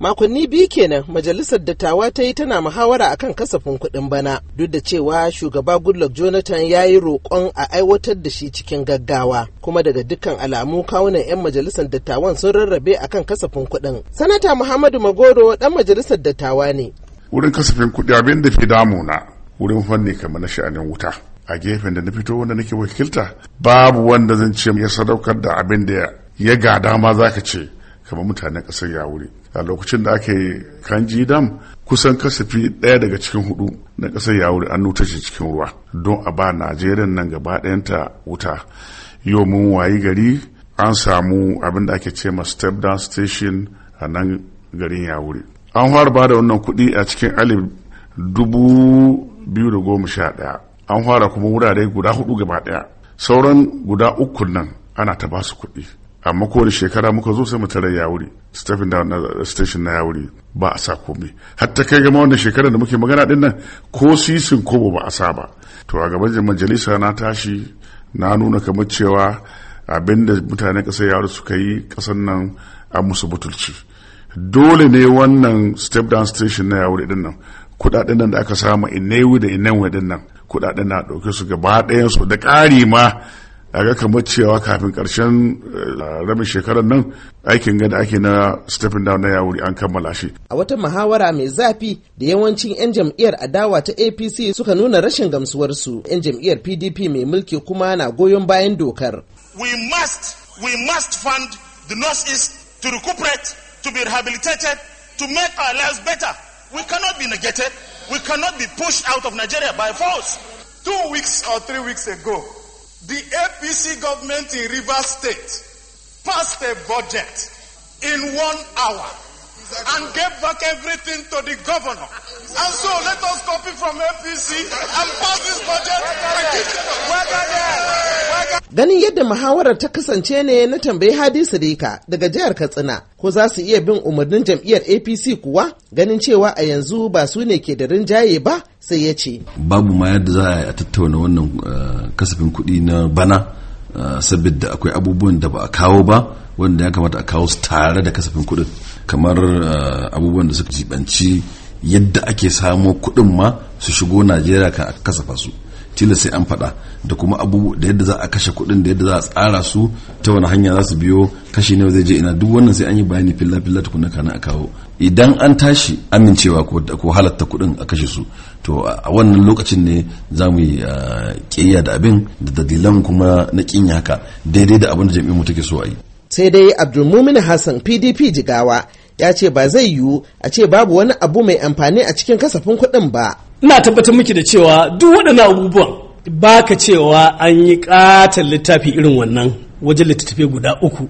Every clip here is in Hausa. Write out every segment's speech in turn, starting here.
makonni biyu kenan majalisar dattawa ta yi tana muhawara akan kasafin kuɗin bana duk da cewa shugaba goodluck jonathan ya yi roƙon a aiwatar da shi cikin gaggawa kuma daga dukkan alamu kawunan 'yan majalisar dattawan sun rarrabe akan kasafin kuɗin sanata muhammadu magoro ɗan majalisar dattawa ne wurin kasafin kuɗi abin da fi damuna wurin fanni kamar na sha'anin wuta a gefen da na fito wanda nake wakilta babu wanda zan ce ya sadaukar da abin da ya gada ma zaka ce kamar mutanen ƙasar wuri a lokacin da aka yi kanji dam kusan kasafi ɗaya daga cikin hudu na ƙasar wuri an nuta shi cikin ruwa don a ba najeriya nan gaba ɗayanta wuta yau mun wayi gari an samu abin da ake ce ma step down station a nan garin ya wuri. an fara ba da wannan kuɗi a cikin alif dubu biyu da goma sha ɗaya an fara kuma wurare guda hudu gaba ɗaya sauran guda uku nan ana ta ba su kuɗi amma kowace shekara muka zo sai mu ya wuri stephen down na uh, station na ya wuri ba a sa komai hatta kai gama wannan shekarar da muke magana din ko sisin kobo ba a sa ba to a gaban majalisa na tashi na nuna kamar cewa abinda da mutanen ƙasar yaro suka yi ƙasar nan a musu butulci dole ne wannan step down station na yawuri din nan kudaden nan da aka samu inewu da inewu din nan kudaden na ɗauke su gaba ɗayan su da ƙari ma a ga kamar cewa kafin karshen eh, rabin shekarar nan aikin gada ake na stepping down na yawuri an kammala shi. A wata muhawara mai zafi da yawancin 'yan jam'iyyar adawa ta APC suka nuna rashin gamsuwarsu 'yan jam'iyyar PDP mai mulki kuma na goyon bayan dokar. We must, we must fund the North-East to recuperate, to be rehabilitated, to make our lives better. We cannot be negated. We cannot be pushed out of Nigeria by force. Two weeks or three weeks ago, The APC government in Rivers State passed a budget in one hour and gave back everything to the governor. And so let us copy from APC and pass this budget and keep Ganin yadda muhawarar ta kasance ne na tambayi Hadi Sirika daga jihar Katsina ko za su iya bin umarnin jam'iyyar APC kuwa ganin cewa a yanzu ba su ne ke da rinjaye ba sai ya ce. Babu ma yadda za a tattauna wannan eh, kasafin kuɗi na bana eh, saboda akwai abubuwan da ba a kawo ba wanda ya kamata a kawo su tare da kasafin kuɗin kamar eh, abubuwan da suka jibanci yadda ake samo kuɗin ma su shigo najeriya kan aka kasafa su tilo sai an faɗa da kuma abu da yadda za a kashe kuɗin da yadda za a tsara su ta wani hanya za su biyo kashi nawa zai je ina duk wannan sai an yi bayani filla filla tukuna kana a kawo idan an tashi amincewa ko halatta kuɗin a kashe su to a wannan lokacin ne za mu yi ƙiyya da abin da dalilan kuma na ƙin haka daidai da abin da jami'in mu take so a yi sai dai abdulmumin hassan pdp jigawa ya ce ba zai yiwu a ce babu wani abu mai amfani a cikin kasafin kuɗin ba. Ina tabbatar miki da cewa duk waɗannan abubuwan ba ka cewa an yi ƙatar littafi irin wannan wajen littattafai guda uku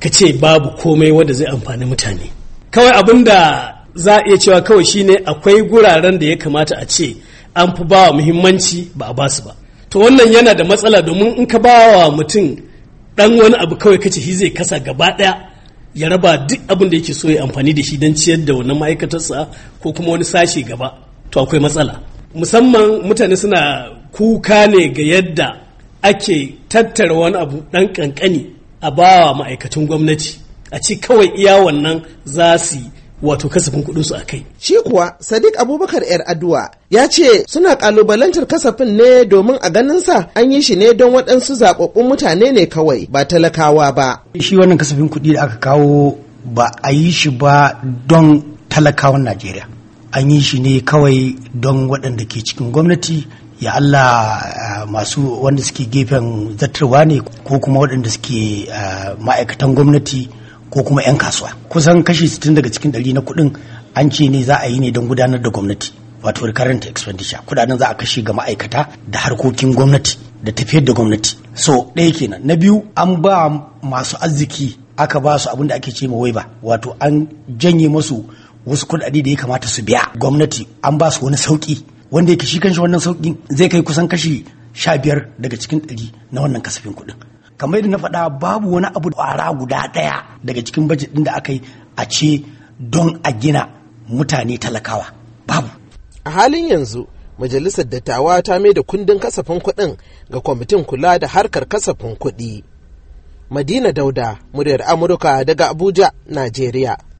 ka ce babu komai wanda zai amfani mutane. Kawai abin da za a iya cewa kawai shine akwai guraren da ya kamata a ce an fi bawa muhimmanci ba a basu ba. To wannan yana da matsala domin in ka bawa mutum ɗan wani abu kawai kace shi zai kasa gaba ɗaya ya raba duk abin da yake so ya amfani da shi don ciyar da wannan ma'aikatarsa ko kuma wani sashe gaba to akwai matsala musamman mutane suna kuka ne ga yadda ake tattara wani abu ɗan ƙanƙani a bawa ma'aikatan gwamnati a ci kawai iya wannan za su yi wato kasafin kuɗin su a kai. Shi kuwa Sadiq Abubakar ‘yar Adua ya ce suna kalubalantar kasafin ne domin a ganin sa an yi shi ne don waɗansu zaɓaɓɓun mutane ne kawai ba talakawa ba. Shi wannan kasafin kuɗi da aka kawo ba a yi shi ba don talakawan Najeriya. An yi shi ne kawai don waɗanda ke cikin gwamnati ya Allah eh, masu wanda suke gefen zartarwa ne ko kuma waɗanda suke eh, ma'aikatan gwamnati. ko kuma 'yan kasuwa kusan kashi 60 daga cikin ɗari na kuɗin an ce ne za a yi ne don gudanar da gwamnati wato recurrent expenditure kudaden za a kashe ga ma'aikata da harkokin gwamnati da tafiyar da gwamnati so ɗaya kenan na biyu an ba masu arziki aka ba su abin da ake ce ma waiba wato an janye masu wasu kuɗaɗe da ya kamata su biya gwamnati an ba su wani sauki wanda yake shi kanshi wannan sauki zai kai kusan kashi sha biyar daga cikin ɗari na wannan kasafin kuɗin kamar yadda na faɗa babu wani abu da ƙwara guda ɗaya daga cikin bajet ɗin da aka yi a ce don a gina mutane talakawa babu a halin yanzu majalisar dattawa ta mai da kundin kasafin kuɗin ga kwamitin kula da harkar kasafin kuɗi madina dauda muryar amurka daga abuja najeriya